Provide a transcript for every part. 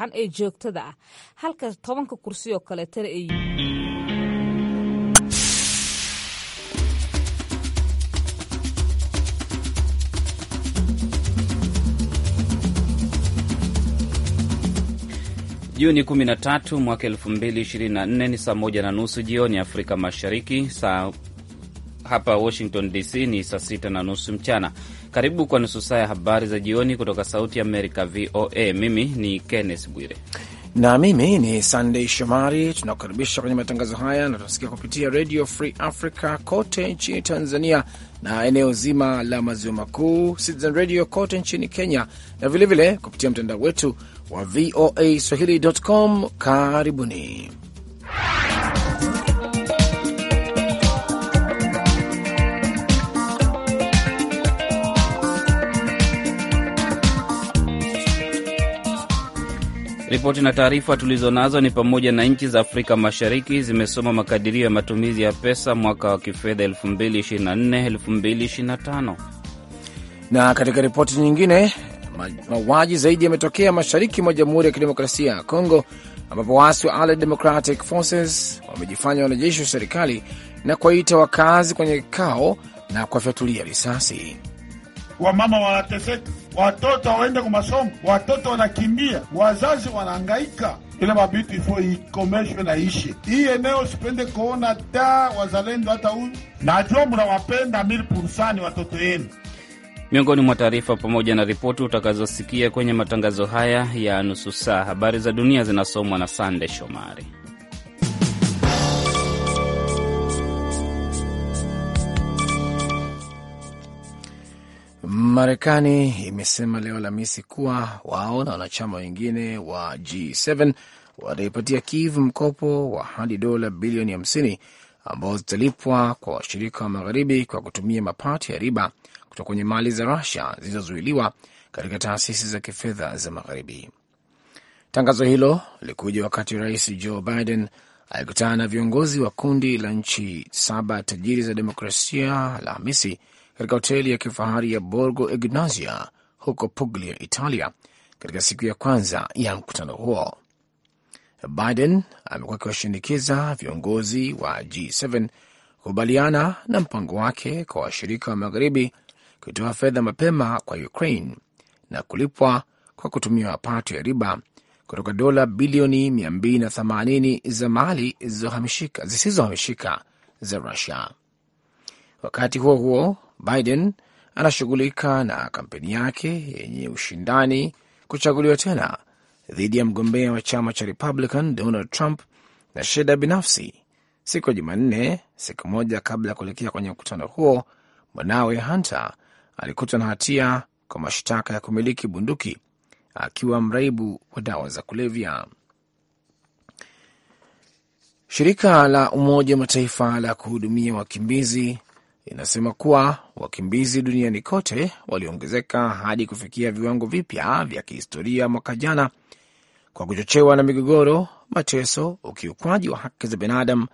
an ee joogtada ah halka tobanka kursi oo kaleetana ay Juni 13 mwaka 2024 ni saa moja na nusu jioni Afrika Mashariki, saa hapa Washington DC ni saa sita na nusu mchana. Karibu kwa nusu saa ya habari za jioni kutoka Sauti ya Amerika, VOA. Mimi ni Kenneth Bwire na mimi ni sandey Shomari. Tunakukaribisha kwenye matangazo haya na tunasikia kupitia Redio Free Africa kote nchini Tanzania na eneo zima la maziwa makuu, Citizen Radio kote nchini Kenya na vilevile vile, kupitia mtandao wetu wa VOA swahili.com. Karibuni Ripoti na taarifa tulizonazo ni pamoja na nchi za Afrika Mashariki zimesoma makadirio ya matumizi ya pesa mwaka wa kifedha 2024 2025. Na katika ripoti nyingine, mauaji zaidi yametokea mashariki mwa Jamhuri ya Kidemokrasia ya Kongo, ambapo waasi wa Allied Democratic Forces wamejifanya wanajeshi wa serikali na kuwaita wakazi kwenye kikao na kuwafyatulia risasi. Wamama wanateseka watoto waende kwa masomo, watoto wanakimbia, wazazi wanahangaika. Ile mabitu ifo ikomeshwe na ishe hii eneo. Sipende kuona ta wazalendo hata huyu, najua mnawapenda mili pursani watoto yenu. Miongoni mwa taarifa pamoja na ripoti utakazosikia kwenye matangazo haya ya nusu saa, habari za dunia zinasomwa na Sande Shomari. Marekani imesema leo Alhamisi kuwa wao na wanachama wengine wa G7 wataipatia Kiev mkopo wa hadi dola bilioni 50 ambao zitalipwa kwa washirika wa magharibi kwa kutumia mapato ya riba kutoka kwenye mali za Rusia zilizozuiliwa katika taasisi za kifedha za magharibi. Tangazo hilo likuja wakati Rais Joe Biden alikutana na viongozi wa kundi la nchi saba tajiri za demokrasia Alhamisi katika hoteli ya kifahari ya Borgo Ignazia huko Puglia, Italia, katika siku ya kwanza ya mkutano huo. Biden amekuwa akiwashinikiza viongozi wa G7 kukubaliana na mpango wake kwa washirika wa magharibi kutoa fedha mapema kwa Ukraine na kulipwa kwa kutumia mapato ya riba kutoka dola bilioni 280 za mali zisizohamishika za Rusia. Wakati huo huo, Biden anashughulika na kampeni yake yenye ushindani kuchaguliwa tena dhidi ya mgombea wa chama cha Republican Donald Trump na shida binafsi. Siku ya Jumanne, siku moja kabla ya kuelekea kwenye mkutano huo, mwanawe Hunter alikutwa na hatia kwa mashtaka ya kumiliki bunduki akiwa mraibu wa dawa za kulevya. Shirika la Umoja wa Mataifa la kuhudumia wakimbizi inasema kuwa wakimbizi duniani kote waliongezeka hadi kufikia viwango vipya vya kihistoria mwaka jana kwa kuchochewa na migogoro, mateso, ukiukwaji wa haki za binadamu,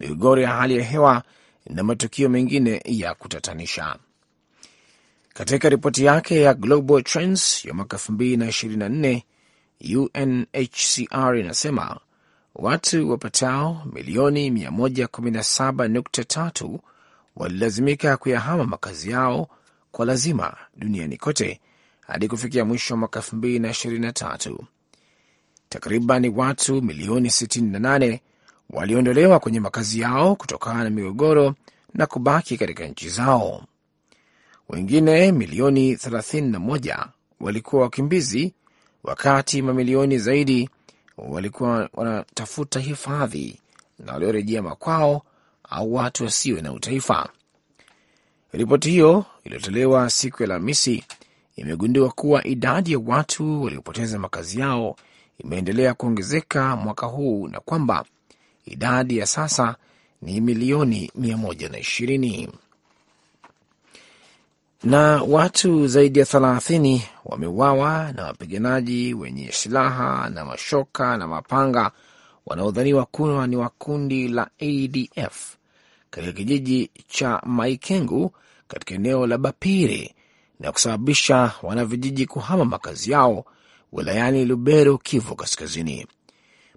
migogoro ya hali ya hewa na matukio mengine ya kutatanisha. Katika ripoti yake ya Global Trends ya mwaka 2024, UNHCR inasema watu wapatao milioni 117.3 walilazimika kuyahama makazi yao kwa lazima duniani kote hadi kufikia mwisho wa mwaka 2023. Takriban watu milioni 68 waliondolewa kwenye makazi yao kutokana na migogoro na kubaki katika nchi zao. Wengine milioni 31 walikuwa wakimbizi, wakati mamilioni zaidi walikuwa wanatafuta hifadhi na waliorejea makwao au watu wasiwe na utaifa. Ripoti hiyo iliyotolewa siku ya Alhamisi imegundua kuwa idadi ya watu waliopoteza makazi yao imeendelea kuongezeka mwaka huu na kwamba idadi ya sasa ni milioni 120 na watu zaidi ya thelathini wameuawa na wapiganaji wenye silaha na mashoka na mapanga wanaodhaniwa kuwa ni wa kundi la ADF katika kijiji cha Maikengu katika eneo la Bapire na kusababisha wanavijiji kuhama makazi yao wilayani Lubero, Kivu Kaskazini.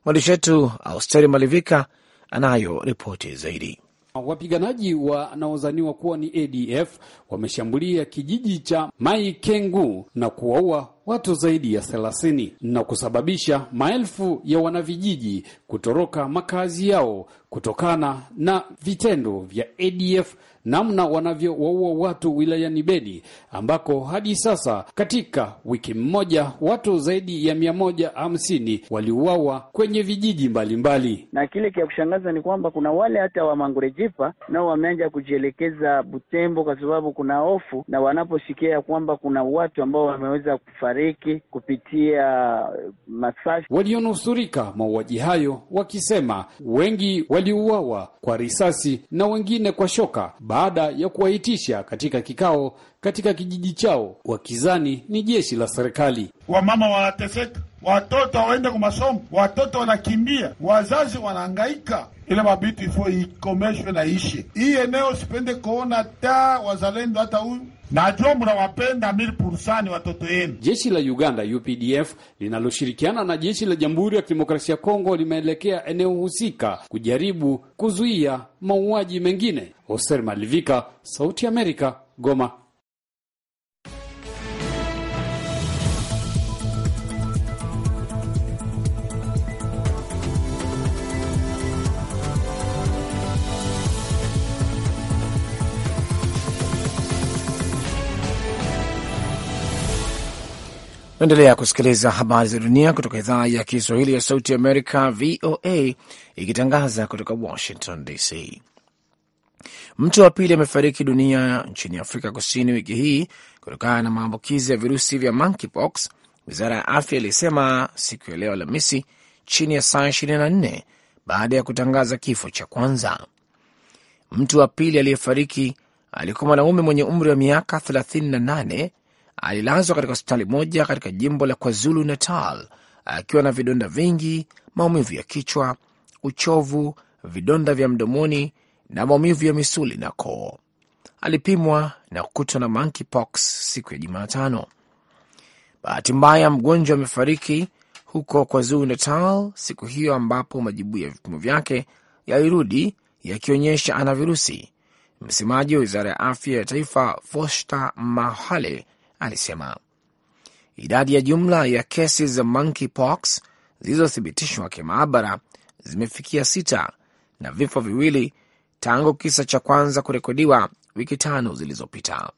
Mwandishi wetu Austeri Malivika anayo ripoti zaidi. Wapiganaji wanaozaniwa kuwa ni ADF wameshambulia kijiji cha Maikengu na kuwaua watu zaidi ya thelathini na kusababisha maelfu ya wanavijiji kutoroka makazi yao kutokana na vitendo vya ADF namna wanavyowaua watu wilayani Beni ambako hadi sasa katika wiki mmoja watu zaidi ya mia moja hamsini waliuawa kwenye vijiji mbalimbali mbali. Na kile kia kushangaza ni kwamba kuna wale hata wa mangurejipa nao wameanja kujielekeza Butembo kwa sababu kuna hofu, na wanaposikia ya kwamba kuna watu ambao wameweza kufariki kupitia uh, masafi Walionusurika mauaji hayo wakisema wengi waliuawa kwa risasi na wengine kwa shoka ba baada ya kuwahitisha katika kikao katika kijiji chao, wakizani ni jeshi la serikali. Wamama wanateseka, watoto waende kwa masomo, watoto wanakimbia, wazazi wanahangaika ile mabiti ifo ikomeshwe na ishe. Hii eneo sipende kuona ta wazalendo hata huyu najua mnawapenda mil pursani watoto yenu. Jeshi la Uganda UPDF linaloshirikiana na jeshi la Jamhuri ya Kidemokrasia ya Kongo limeelekea eneo husika kujaribu kuzuia mauaji mengine. Hoser Malivika, Sauti Amerika, Goma. Naendelea kusikiliza habari za dunia kutoka idhaa ya Kiswahili ya sauti Amerika, VOA, ikitangaza kutoka Washington DC. Mtu wa pili amefariki dunia nchini Afrika Kusini wiki hii kutokana na maambukizi ya virusi vya monkeypox, wizara ya afya ilisema siku ya leo Alhamisi, chini ya saa 24 baada ya kutangaza kifo cha kwanza. Mtu wa pili aliyefariki alikuwa mwanaume mwenye umri wa miaka 38 alilazwa katika hospitali moja katika jimbo la KwaZulu Natal akiwa na vidonda vingi, maumivu ya kichwa, uchovu, vidonda vya mdomoni na maumivu ya misuli na koo. Alipimwa na kukutwa na monkeypox siku ya Jumatano. Bahati mbaya, mgonjwa amefariki huko KwaZulu Natal siku hiyo, ambapo majibu ya vipimo vyake yalirudi yakionyesha ana virusi. Msemaji wa wizara ya afya ya taifa Foster Mahale alisema idadi ya jumla ya kesi za monkeypox zilizothibitishwa kimaabara zimefikia sita na vifo viwili tangu kisa cha kwanza kurekodiwa wiki tano zilizopita.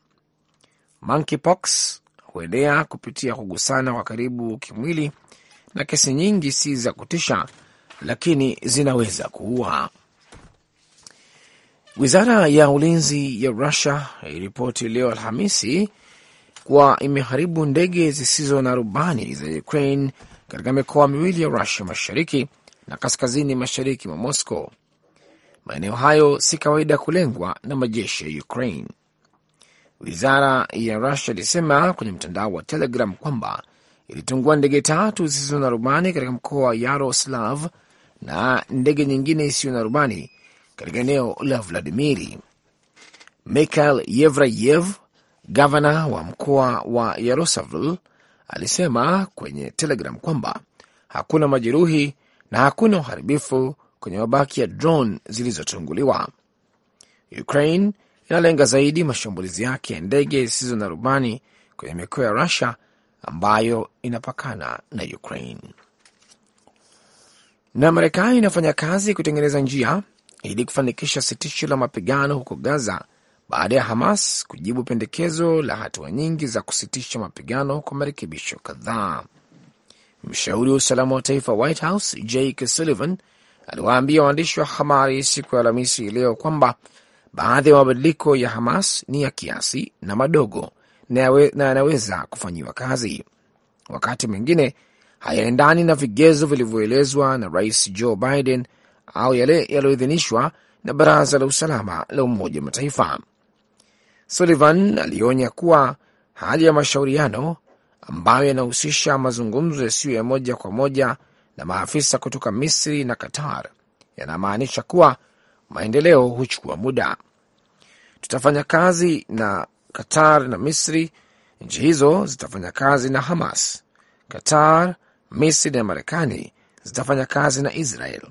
Monkeypox huenea kupitia kugusana kwa karibu kimwili, na kesi nyingi si za kutisha, lakini zinaweza kuua. Wizara ya ulinzi ya Rusia iliripoti leo Alhamisi kuwa imeharibu ndege zisizo na rubani za Ukraine katika mikoa miwili ya Rusia mashariki na kaskazini mashariki mwa Moscow. Maeneo hayo si kawaida kulengwa na majeshi ya Ukraine. Wizara ya Rusia ilisema kwenye mtandao wa Telegram kwamba ilitungua ndege tatu zisizo na rubani katika mkoa wa Yaroslav na ndege nyingine isiyo na rubani katika eneo la Vladimiri. Mikhail Yevrayev Gavana wa mkoa wa Yaroslavl alisema kwenye Telegram kwamba hakuna majeruhi na hakuna uharibifu kwenye mabaki ya drone zilizotunguliwa. Ukraine inalenga zaidi mashambulizi yake ya ndege zisizo na rubani kwenye mikoa ya Rusia ambayo inapakana na Ukraine. Na Marekani inafanya kazi kutengeneza njia ili kufanikisha sitisho la mapigano huko Gaza baada ya Hamas kujibu pendekezo la hatua nyingi za kusitisha mapigano kwa marekebisho kadhaa. Mshauri wa usalama wa taifa White House Jake Sullivan aliwaambia waandishi wa habari siku ya Alhamisi leo kwamba baadhi ya mabadiliko ya Hamas ni ya kiasi na madogo na yanaweza kufanyiwa kazi, wakati mwingine hayaendani na vigezo vilivyoelezwa na Rais Joe Biden au yale yaliyoidhinishwa na Baraza la Usalama la Umoja wa Mataifa. Sullivan alionya kuwa hali ya mashauriano ambayo yanahusisha mazungumzo yasiyo ya moja kwa moja na maafisa kutoka Misri na Qatar yanamaanisha kuwa maendeleo huchukua muda. Tutafanya kazi na Qatar na Misri. Nchi hizo zitafanya kazi na Hamas. Qatar, Misri na Marekani zitafanya kazi na Israel.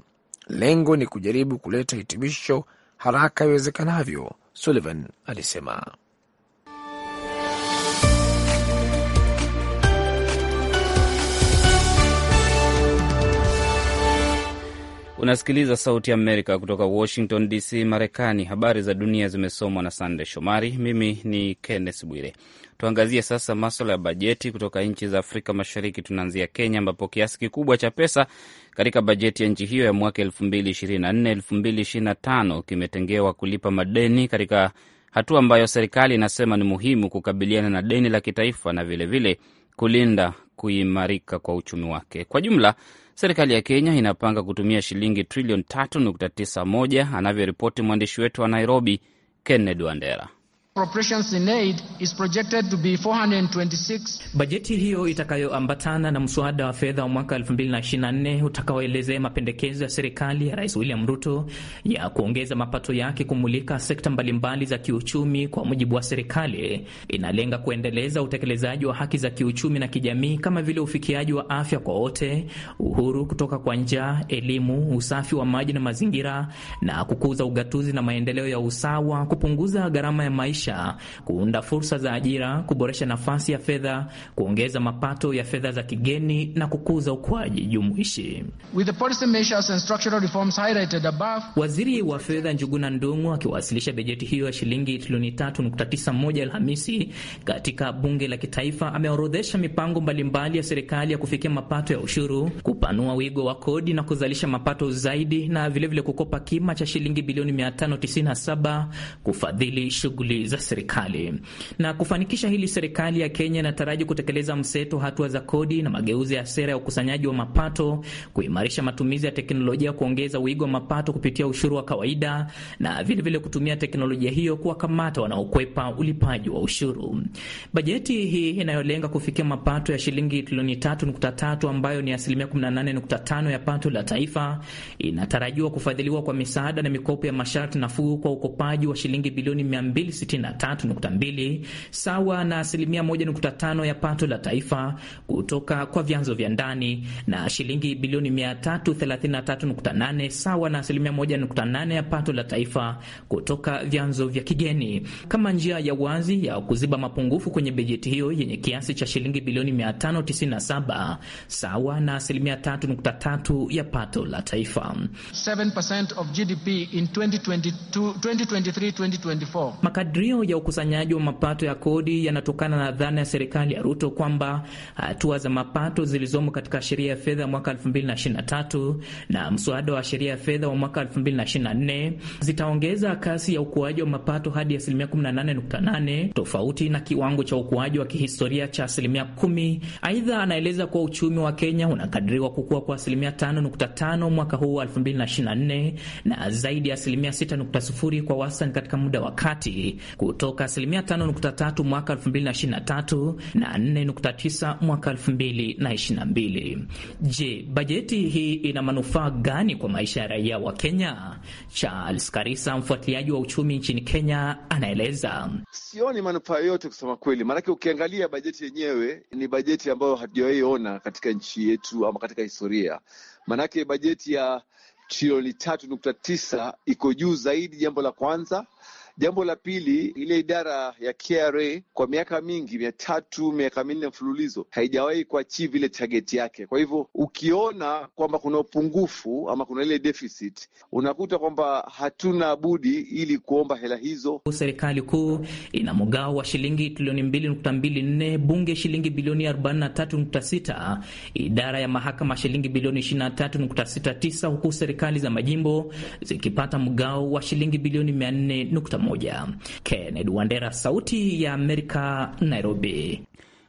Lengo ni kujaribu kuleta hitimisho haraka iwezekanavyo Sullivan alisema. Unasikiliza Sauti ya Amerika kutoka Washington DC, Marekani. Habari za dunia zimesomwa na Sande Shomari. Mimi ni Kenneth Bwire. Tuangazie sasa maswala ya bajeti kutoka nchi za Afrika Mashariki. Tunaanzia Kenya, ambapo kiasi kikubwa cha pesa katika bajeti ya nchi hiyo ya mwaka 2024 2025 kimetengewa kulipa madeni katika hatua ambayo serikali inasema ni muhimu kukabiliana na deni la kitaifa na vilevile vile kulinda kuimarika kwa uchumi wake kwa jumla. Serikali ya Kenya inapanga kutumia shilingi trilioni 3.91 anavyoripoti mwandishi wetu wa Nairobi, kenned Wandera. Bajeti hiyo itakayoambatana na mswada wa fedha wa mwaka 2024 utakaoelezea mapendekezo ya serikali ya Rais William Ruto ya kuongeza mapato yake kumulika sekta mbalimbali za kiuchumi. Kwa mujibu wa serikali, inalenga kuendeleza utekelezaji wa haki za kiuchumi na kijamii kama vile ufikiaji wa afya kwa wote, uhuru kutoka kwa njaa, elimu, usafi wa maji na mazingira, na kukuza ugatuzi na maendeleo ya usawa, kupunguza gharama ya maisha maisha, kuunda fursa za ajira, kuboresha nafasi ya fedha, kuongeza mapato ya fedha za kigeni na kukuza ukuaji jumuishi. Waziri wa fedha Njuguna Ndung'u akiwasilisha bajeti hiyo ya shilingi trilioni 3.91 Alhamisi katika bunge la kitaifa, ameorodhesha mipango mbalimbali ya serikali ya kufikia mapato ya ushuru, kupanua wigo wa kodi na kuzalisha mapato zaidi, na vilevile vile kukopa kima cha shilingi bilioni 597 kufadhili shughuli za serikali. Na kufanikisha hili, serikali ya Kenya inataraji kutekeleza mseto hatua za kodi na mageuzi ya sera ya ukusanyaji wa mapato, kuimarisha matumizi ya teknolojia, kuongeza wigo wa mapato kupitia ushuru wa kawaida na vilevile vile kutumia teknolojia hiyo kuwakamata wanaokwepa ulipaji wa ushuru. Bajeti hii inayolenga kufikia mapato ya shilingi trilioni 3.3 ambayo ni asilimia 18.5 ya pato la taifa inatarajiwa kufadhiliwa kwa misaada na mikopo ya masharti nafuu kwa ukopaji wa shilingi bilioni 260 13.2 sawa na asilimia 1.5 ya pato la taifa kutoka kwa vyanzo vya ndani na shilingi bilioni 333.8 sawa na asilimia 1.8 ya pato la taifa kutoka vyanzo vya kigeni, kama njia ya wazi ya kuziba mapungufu kwenye bajeti hiyo yenye kiasi cha shilingi bilioni 597 sawa na asilimia 3.3 ya pato la taifa. 7% of GDP in 2022, 2023, 2024. Makadri Makadirio ya ukusanyaji wa mapato ya kodi yanatokana na dhana ya serikali ya Ruto kwamba hatua za mapato zilizomo katika sheria ya fedha ya mwaka 2023 na mswada wa sheria ya fedha wa mwaka 2024 zitaongeza kasi ya ukuaji wa mapato hadi asilimia 18.8 tofauti na kiwango cha ukuaji wa kihistoria cha asilimia 10. Aidha, anaeleza kuwa uchumi wa Kenya unakadiriwa kukua kwa asilimia 5.5 mwaka huu wa 2024 na zaidi ya asilimia 6.0 kwa wastani katika muda wa kati kutoka asilimia 5.3 mwaka 2023 na 4.9 mwaka 2022. Je, bajeti hii ina manufaa gani kwa maisha ya raia wa Kenya? Charles Karisa, mfuatiliaji wa uchumi nchini Kenya, anaeleza. Sioni manufaa yoyote kusema kweli, maanake ukiangalia bajeti yenyewe ni bajeti ambayo hatujawahi ona katika nchi yetu ama katika historia, maanake bajeti ya trilioni tatu nukta tisa iko juu zaidi, jambo la kwanza. Jambo la pili, ile idara ya KRA kwa miaka mingi, mia tatu, miaka minne mfululizo, haijawahi kuachieve ile tageti yake. Kwa hivyo ukiona kwamba kuna upungufu ama kuna ile deficit, unakuta kwamba hatuna budi ili kuomba hela hizo. Serikali kuu ina mgao wa shilingi trilioni mbili nukta mbili nne, bunge shilingi bilioni arobaini na tatu nukta sita, idara ya mahakama shilingi bilioni ishirini na tatu nukta sita tisa, huku serikali za majimbo zikipata mgao wa shilingi bilioni mia nne nukta moja. Kenneth Wandera, Sauti ya Amerika, Nairobi.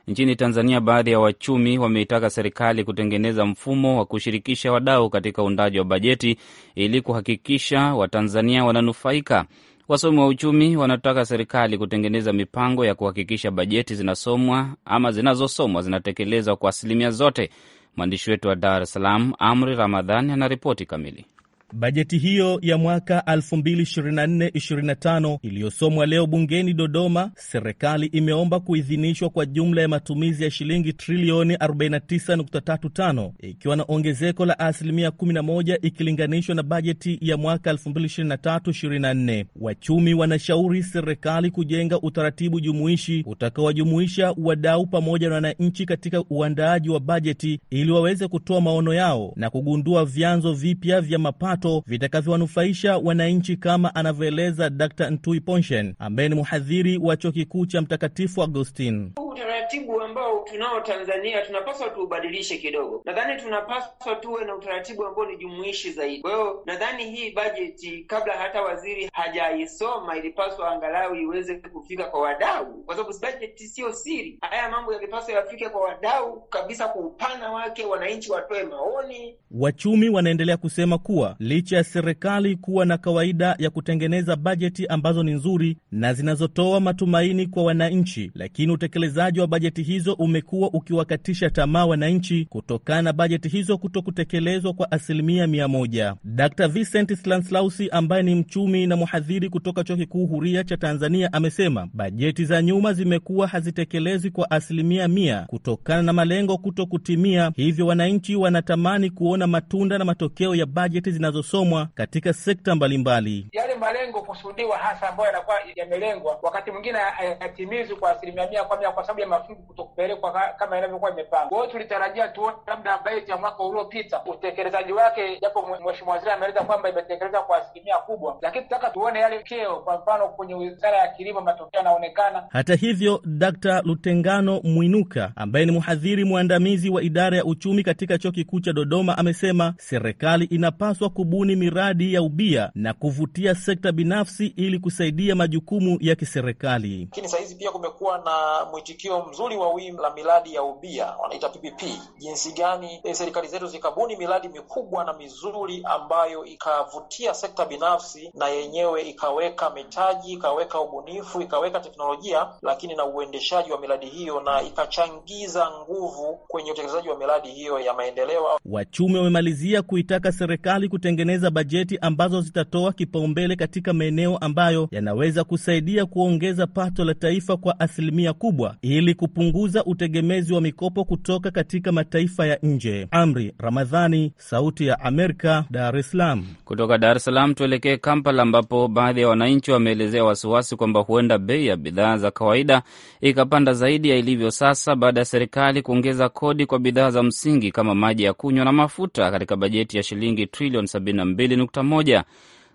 Nchini Tanzania, baadhi ya wachumi wameitaka serikali kutengeneza mfumo wa kushirikisha wadau katika uundaji wa bajeti ili kuhakikisha Watanzania wananufaika. Wasomi wa uchumi wanataka serikali kutengeneza mipango ya kuhakikisha bajeti zinasomwa ama zinazosomwa zinatekelezwa kwa asilimia zote. Mwandishi wetu wa Dar es Salaam, Amri Ramadhani, anaripoti kamili. Bajeti hiyo ya mwaka 2024 iliyosomwa leo bungeni Dodoma, serikali imeomba kuidhinishwa kwa jumla ya matumizi ya shilingi trilioni 49.35 ikiwa na ongezeko la asilimia 11 ikilinganishwa na bajeti ya mwaka 2023 Wachumi wanashauri serikali kujenga utaratibu jumuishi utakaowajumuisha wadau pamoja na wananchi katika uandaaji wa bajeti ili waweze kutoa maono yao na kugundua vyanzo vipya vya mapato mapato vitakavyowanufaisha wananchi, kama anavyoeleza Dr Ntui Ponshen ambaye ni mhadhiri wa chuo kikuu cha Mtakatifu Augustine utaratibu ambao tunao Tanzania tunapaswa tuubadilishe kidogo. Nadhani tunapaswa tuwe na utaratibu ambao ni jumuishi zaidi. Kwa hiyo nadhani hii bajeti, kabla hata waziri hajaisoma, ilipaswa angalau iweze kufika kwa wadau, kwa sababu bajeti siyo siri. Haya mambo yalipaswa yafike kwa wadau kabisa, kwa upana wake, wananchi watoe maoni. Wachumi wanaendelea kusema kuwa licha ya serikali kuwa na kawaida ya kutengeneza bajeti ambazo ni nzuri na zinazotoa matumaini kwa wananchi, lakini utekelezaji utekelezaji wa bajeti hizo umekuwa ukiwakatisha tamaa wananchi kutokana na bajeti hizo kuto kutekelezwa kwa asilimia mia moja. Dr Vincent Slanslausi ambaye ni mchumi na mhadhiri kutoka Chuo Kikuu Huria cha Tanzania amesema bajeti za nyuma zimekuwa hazitekelezwi kwa asilimia mia kutokana na malengo kuto kutimia, hivyo wananchi wanatamani kuona matunda na matokeo ya bajeti zinazosomwa katika sekta mbalimbali. Yale malengo kusudiwa hasa ambayo yanakuwa yamelengwa, wakati mwingine hayatimizwi kwa asilimia mia kwa mia kwa kabla ya mafungu kutokupelekwa kama inavyokuwa imepanga. Kwa hiyo tulitarajia tuone labda bajeti ya mwaka uliopita utekelezaji wake, japo mheshimiwa waziri ameeleza kwamba imetekelezwa kwa asilimia kubwa, lakini tunataka tuone yale keo, kwa mfano kwenye wizara ya kilimo matokeo yanaonekana. Hata hivyo, Dkt. Lutengano Mwinuka ambaye ni mhadhiri mwandamizi wa idara ya uchumi katika chuo kikuu cha Dodoma amesema serikali inapaswa kubuni miradi ya ubia na kuvutia sekta binafsi ili kusaidia majukumu ya kiserikali. Lakini sahizi pia kumekuwa na mwitikio mwitikio mzuri wa wimbi la miradi ya ubia wanaita PPP, jinsi gani e, serikali zetu zikabuni miradi mikubwa na mizuri ambayo ikavutia sekta binafsi na yenyewe ikaweka mitaji, ikaweka ubunifu, ikaweka teknolojia, lakini na uendeshaji wa miradi hiyo na ikachangiza nguvu kwenye utekelezaji wa miradi hiyo ya maendeleo. Wachumi wamemalizia kuitaka serikali kutengeneza bajeti ambazo zitatoa kipaumbele katika maeneo ambayo yanaweza kusaidia kuongeza pato la taifa kwa asilimia kubwa ili kupunguza utegemezi wa mikopo kutoka katika mataifa ya nje. Amri Ramadhani, Sauti ya Amerika, Dar es Salaam. Kutoka Dar es Salaam tuelekee Kampala, ambapo baadhi ya wananchi wameelezea wasiwasi kwamba huenda bei ya bidhaa za kawaida ikapanda zaidi ya ilivyo sasa baada ya serikali kuongeza kodi kwa bidhaa za msingi kama maji ya kunywa na mafuta katika bajeti ya shilingi trilioni 72.1.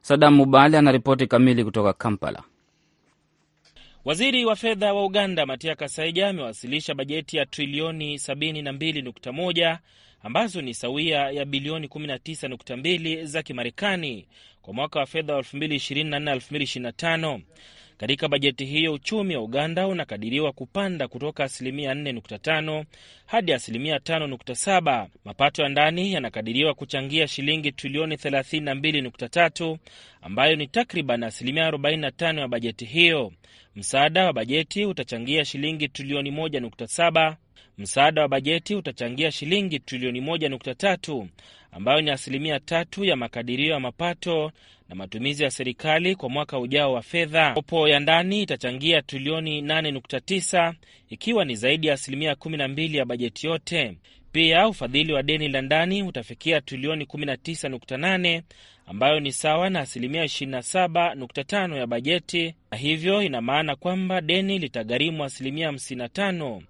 Sadam Mubale anaripoti kamili kutoka Kampala. Waziri wa fedha wa Uganda Matia Kasaija amewasilisha bajeti ya trilioni 72.1 ambazo ni sawia ya bilioni 19.2 za Kimarekani kwa mwaka wa fedha wa 2024/2025. Katika bajeti hiyo uchumi wa Uganda unakadiriwa kupanda kutoka asilimia 4.5 hadi asilimia 5.7. Mapato ya ndani yanakadiriwa kuchangia shilingi trilioni 32.3 ambayo ni takriban asilimia 45 ya bajeti hiyo. Msaada wa bajeti utachangia shilingi trilioni 1.7 Msaada wa bajeti utachangia shilingi trilioni 1.3 ambayo ni asilimia tatu ya makadirio ya mapato na matumizi ya serikali kwa mwaka ujao wa fedha. Kopo ya ndani itachangia trilioni 8.9 ikiwa ni zaidi ya asilimia 12 ya bajeti yote. Pia ufadhili wa deni la ndani utafikia trilioni 19.8 ambayo ni sawa na asilimia 27.5 ya bajeti, na hivyo ina maana kwamba deni litagharimu asilimia 55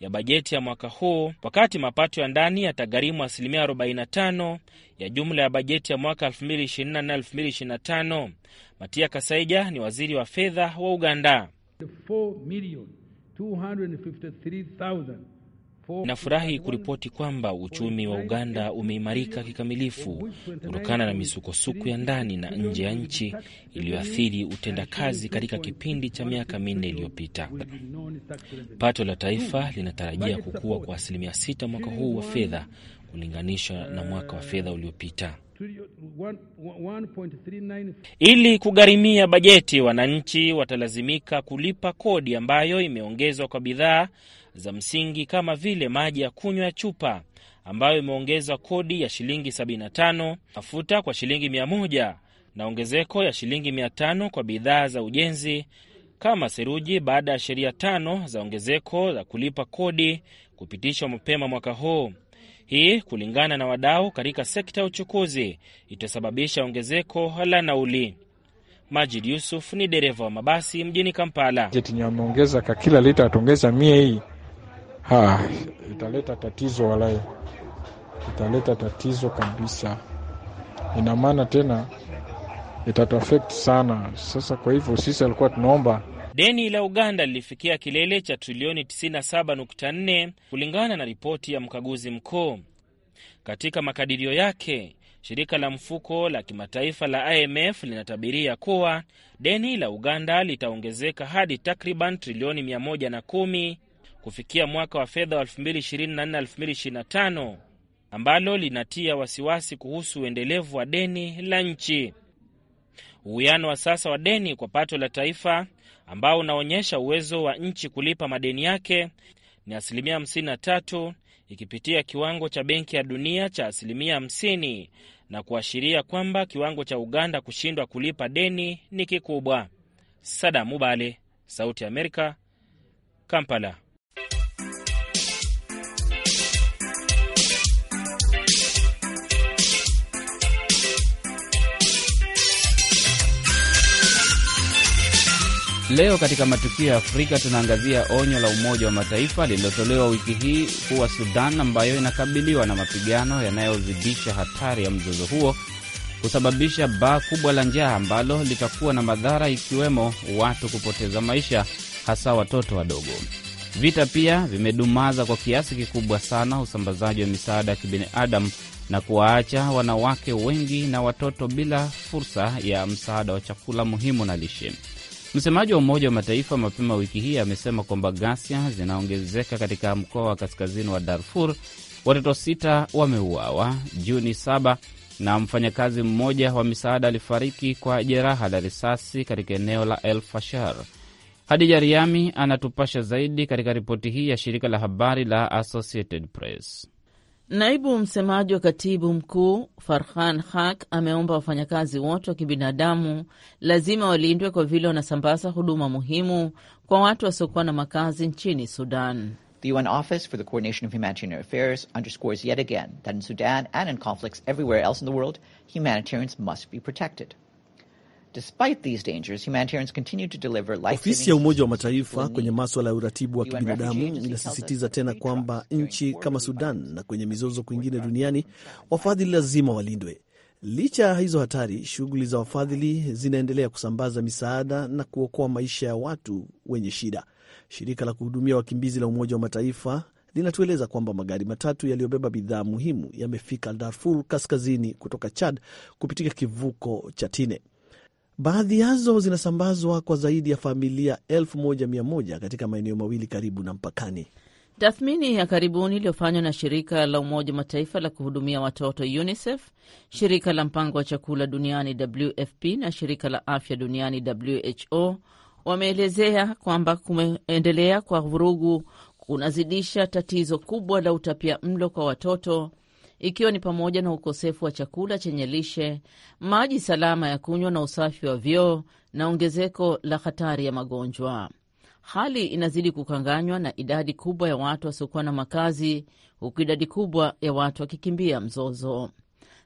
ya bajeti ya mwaka huu, wakati mapato ya ndani yatagharimu asilimia 45 ya jumla ya bajeti ya mwaka 2024-2025. Matia Kasaija ni waziri wa fedha wa Uganda. 4,253,000 Nafurahi kuripoti kwamba uchumi wa Uganda umeimarika kikamilifu kutokana na misukosuko ya ndani na nje ya nchi iliyoathiri utendakazi katika kipindi cha miaka minne iliyopita. Pato la taifa linatarajia kukua kwa asilimia sita mwaka huu wa fedha kulinganisha na mwaka wa fedha uliopita. Ili kugharimia bajeti, wananchi watalazimika kulipa kodi ambayo imeongezwa kwa bidhaa za msingi kama vile maji ya kunywa ya chupa ambayo imeongeza kodi ya shilingi 75, mafuta kwa shilingi 100 na ongezeko ya shilingi 500 kwa bidhaa za ujenzi kama seruji baada ya sheria tano za ongezeko la kulipa kodi kupitishwa mapema mwaka huu. Hii kulingana na wadau katika sekta ya uchukuzi itasababisha ongezeko la nauli. Majid Yusuf ni dereva wa mabasi mjini Kampala. Je, kwa kila lita, wataongeza mia hii Ha, italeta tatizo walai, italeta tatizo kabisa. Ina maana tena itatuafekti sana. Sasa kwa hivyo sisi alikuwa tunaomba Deni la Uganda lilifikia kilele cha trilioni 97.4 kulingana na ripoti ya mkaguzi mkuu. Katika makadirio yake, shirika la mfuko la kimataifa la IMF linatabiria kuwa deni la Uganda litaongezeka hadi takriban trilioni 110 kufikia mwaka wa fedha wa 2024/2025 ambalo linatia wasiwasi kuhusu uendelevu wa deni la nchi. Uwiano wa sasa wa deni kwa pato la taifa ambao unaonyesha uwezo wa nchi kulipa madeni yake ni asilimia 53 ikipitia kiwango cha Benki ya Dunia cha asilimia 50 na kuashiria kwamba kiwango cha Uganda kushindwa kulipa deni ni kikubwa. Sada Mubale, Sauti ya Amerika, Kampala. Leo katika matukio ya Afrika tunaangazia onyo la Umoja wa Mataifa lililotolewa wiki hii kuwa Sudan, ambayo inakabiliwa na mapigano yanayozidisha hatari ya mzozo huo, kusababisha baa kubwa la njaa ambalo litakuwa na madhara, ikiwemo watu kupoteza maisha, hasa watoto wadogo. Vita pia vimedumaza kwa kiasi kikubwa sana usambazaji wa misaada ya kibinadamu na kuwaacha wanawake wengi na watoto bila fursa ya msaada wa chakula muhimu na lishe. Msemaji wa Umoja wa Mataifa mapema wiki hii amesema kwamba ghasia zinaongezeka katika mkoa wa kaskazini wa Darfur. Watoto sita wameuawa Juni saba na mfanyakazi mmoja wa misaada alifariki kwa jeraha la risasi katika eneo la El Fashar. Hadija Riami anatupasha zaidi katika ripoti hii ya shirika la habari la Associated Press. Naibu msemaji wa katibu mkuu Farhan Haq ameomba wafanyakazi wote wa kibinadamu lazima walindwe kwa vile wanasambaza huduma muhimu kwa watu wasiokuwa na makazi nchini Sudan. The UN Office for the Coordination of Humanitarian Affairs underscores yet again that in Sudan and in conflicts everywhere else in the world, humanitarians must be protected. Ofisi ya Umoja wa Mataifa kwenye maswala ya uratibu wa kibinadamu inasisitiza tena kwamba nchi kama Sudan na kwenye mizozo kwingine duniani wafadhili lazima walindwe. Licha ya hizo hatari, shughuli za wafadhili zinaendelea kusambaza misaada na kuokoa maisha ya watu wenye shida. Shirika la kuhudumia wakimbizi la Umoja wa Mataifa linatueleza kwamba magari matatu yaliyobeba bidhaa muhimu yamefika Darfur kaskazini kutoka Chad kupitia kivuko cha Tine. Baadhi yazo zinasambazwa kwa zaidi ya familia 1100 katika maeneo mawili karibu na mpakani. Tathmini ya karibuni iliyofanywa na shirika la Umoja Mataifa la kuhudumia watoto UNICEF, shirika la mpango wa chakula duniani WFP na shirika la afya duniani WHO wameelezea kwamba kumeendelea kwa vurugu kunazidisha tatizo kubwa la utapia mlo kwa watoto ikiwa ni pamoja na ukosefu wa chakula chenye lishe, maji salama ya kunywa na usafi wa vyoo na ongezeko la hatari ya magonjwa. Hali inazidi kukanganywa na idadi kubwa ya watu wasiokuwa na makazi, huku idadi kubwa ya watu wakikimbia mzozo.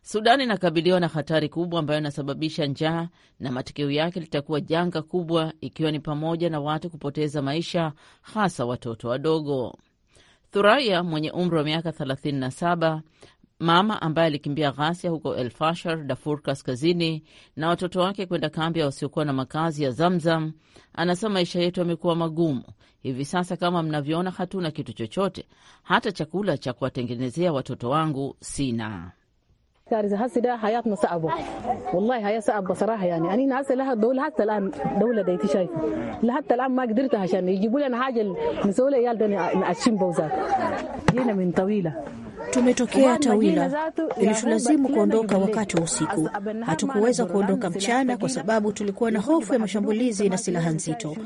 Sudan inakabiliwa na hatari kubwa ambayo inasababisha njaa na matokeo yake litakuwa janga kubwa, ikiwa ni pamoja na watu kupoteza maisha, hasa watoto wadogo. Thuraya mwenye umri wa miaka mama ambaye alikimbia ghasia huko El Fashar, Darfur Kaskazini, na watoto wake kwenda kambi ya wasiokuwa na makazi ya Zamzam, anasema maisha yetu yamekuwa magumu. Hivi sasa kama mnavyoona, hatuna kitu chochote, hata chakula cha kuwatengenezea watoto wangu sina. كارثه هسه ده حياتنا صعبه والله هي صعبه بصراحه يعني انا هسه لها دوله حتى الان دوله ديت شايفه لحتى الان ما قدرتها عشان يجيبوا لنا حاجه نسوي لي عيال ده نعشم بوزات جينا من طويله Tumetokea Tawila, ilitulazimu kuondoka wakati wa usiku. Hatukuweza kuondoka mchana kwa sababu tulikuwa na hofu ya mashambulizi na silaha nzito.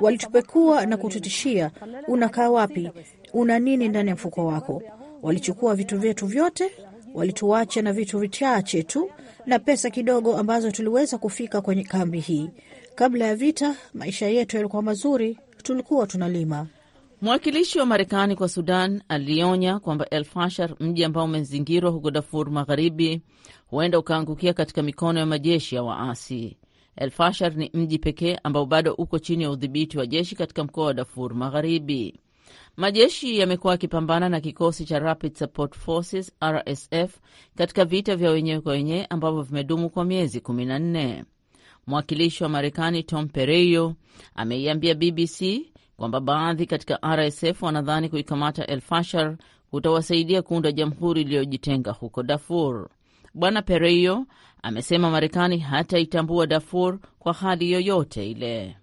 Walitupekua na kututishia, unakaa wapi? Una nini ndani ya mfuko wako? Walichukua vitu vyetu vyote walituacha na vitu vichache tu na pesa kidogo ambazo tuliweza kufika kwenye kambi hii. Kabla ya vita, maisha yetu yalikuwa mazuri, tulikuwa tunalima. Mwakilishi wa Marekani kwa Sudan alionya kwamba El Fashar, mji ambao umezingirwa huko Darfur Magharibi, huenda ukaangukia katika mikono ya majeshi ya waasi. El Fashar ni mji pekee ambao bado uko chini ya udhibiti wa jeshi katika mkoa wa Darfur Magharibi. Majeshi yamekuwa yakipambana na kikosi cha Rapid Support Forces RSF katika vita vya wenyewe kwa wenyewe ambavyo vimedumu kwa miezi 14. Mwakilishi wa Marekani Tom Pereyo ameiambia BBC kwamba baadhi katika RSF wanadhani kuikamata El Fashar kutawasaidia kuunda jamhuri iliyojitenga huko Darfur. Bwana Pereyo amesema Marekani hataitambua Darfur kwa hali yoyote ile.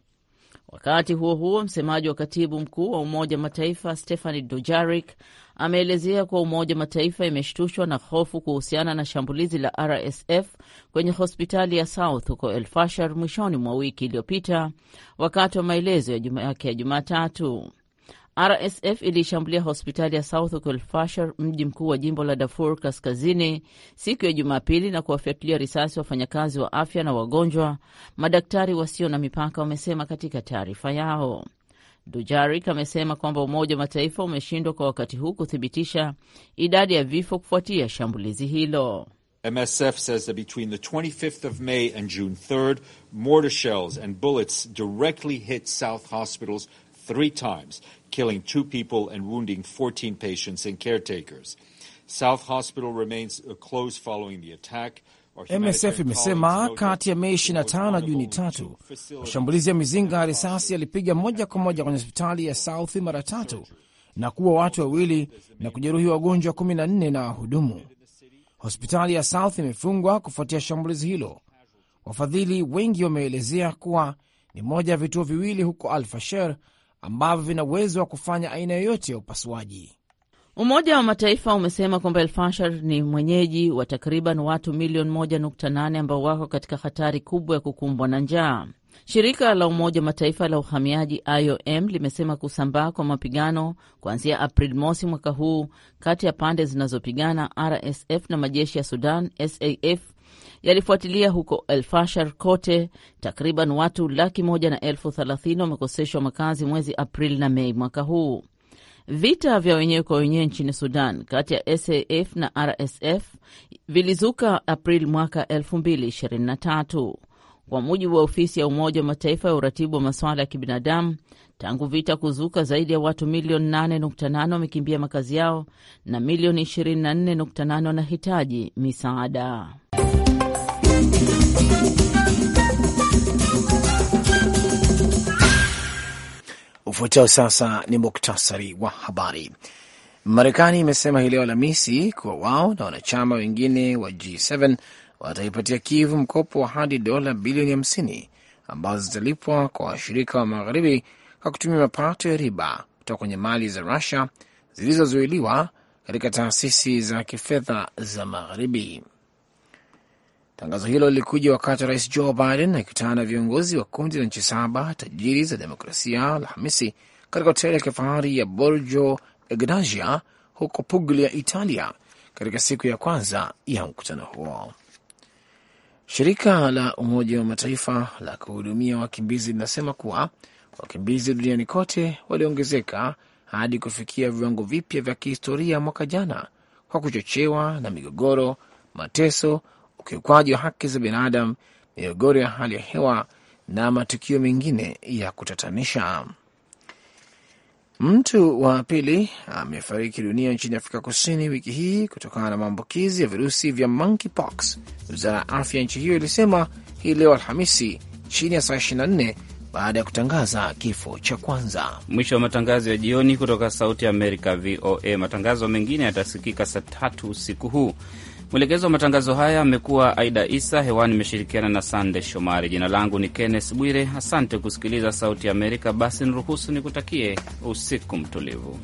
Wakati huo huo, msemaji wa katibu mkuu wa Umoja Mataifa stephani dujarik ameelezea kuwa Umoja Mataifa imeshtushwa na hofu kuhusiana na shambulizi la RSF kwenye hospitali ya South huko El Fashar mwishoni mwa wiki iliyopita, wakati wa maelezo ya yake ya Jumatatu. RSF iliishambulia hospitali ya South Belfast, mji mkuu wa jimbo la Darfur Kaskazini, siku ya Jumapili na kuwafyatulia risasi wafanyakazi wa afya na wagonjwa, madaktari wasio na mipaka wamesema katika taarifa yao. Dujarik amesema kwamba Umoja wa Mataifa umeshindwa kwa wakati huu kuthibitisha idadi ya vifo kufuatia shambulizi hilo. MSF says that between the 25th of May and June 3rd, mortar shells and bullets directly hit South hospitals three times, killing two people and wounding 14 patients and caretakers. South Hospital remains uh, closed following the attack. MSF imesema kati ya Mei 25 na Juni tatu mashambulizi ya mizinga ya risasi yalipiga moja kwa moja kwenye hospitali ya South mara tatu na kuwa watu wawili na kujeruhi wagonjwa 14 na wahudumu. Hospitali ya South imefungwa kufuatia shambulizi hilo. Wafadhili wengi wameelezea kuwa ni moja ya vituo viwili huko Al Fasher ambavyo vina uwezo wa kufanya aina yoyote ya upasuaji. Umoja wa Mataifa umesema kwamba Elfashar ni mwenyeji wa takriban watu milioni 1.8 ambao wako katika hatari kubwa ya kukumbwa na njaa. Shirika la Umoja wa Mataifa la uhamiaji IOM limesema kusambaa kwa mapigano kuanzia Aprili mosi mwaka huu kati ya pande zinazopigana RSF na majeshi ya Sudan SAF yalifuatilia huko elfashar kote. Takriban watu laki moja na elfu thelathini wamekoseshwa makazi mwezi Aprili na Mei mwaka huu. Vita vya wenyewe kwa wenyewe nchini Sudan kati ya SAF na RSF vilizuka Aprili mwaka 2023 kwa mujibu wa ofisi ya Umoja wa Mataifa ya uratibu wa masuala ya kibinadamu. Tangu vita kuzuka, zaidi ya watu milioni 8.8 wamekimbia makazi yao na milioni 24.8 wanahitaji misaada. Ufuatao sasa ni muktasari wa habari. Marekani imesema hii leo Alhamisi kuwa wao na wanachama wengine wa G7 wataipatia Kiev mkopo wa hadi dola bilioni hamsini ambazo zitalipwa kwa washirika wa magharibi kwa kutumia mapato ya riba kutoka kwenye mali za Rusia zilizozuiliwa katika taasisi za kifedha za magharibi. Tangazo hilo lilikuja wakati rais Joe Biden akikutana na viongozi wa kundi la nchi saba tajiri za demokrasia Alhamisi katika hoteli ya kifahari ya Borgo Egnatia huko Puglia, Italia, katika siku ya kwanza ya mkutano huo. Shirika la Umoja wa Mataifa la kuhudumia wakimbizi linasema kuwa wakimbizi duniani kote waliongezeka hadi kufikia viwango vipya vya kihistoria mwaka jana, kwa kuchochewa na migogoro, mateso ukiukwaji wa haki za binadamu, migogoro ya hali ya hewa na matukio mengine ya kutatanisha. Mtu wa pili amefariki dunia nchini Afrika Kusini wiki hii kutokana na maambukizi ya virusi vya monkeypox, wizara ya afya ya nchi hiyo ilisema hii leo Alhamisi chini ya saa 24 baada ya kutangaza kifo cha kwanza. Mwisho wa matangazo ya jioni kutoka Sauti ya Amerika, VOA. Matangazo mengine yatasikika saa tatu usiku huu. Mwelekezi wa matangazo haya amekuwa Aida Isa. Hewani imeshirikiana na Sande Shomari. Jina langu ni kennes Bwire, asante kusikiliza Sauti ya Amerika. Basi niruhusu nikutakie usiku mtulivu.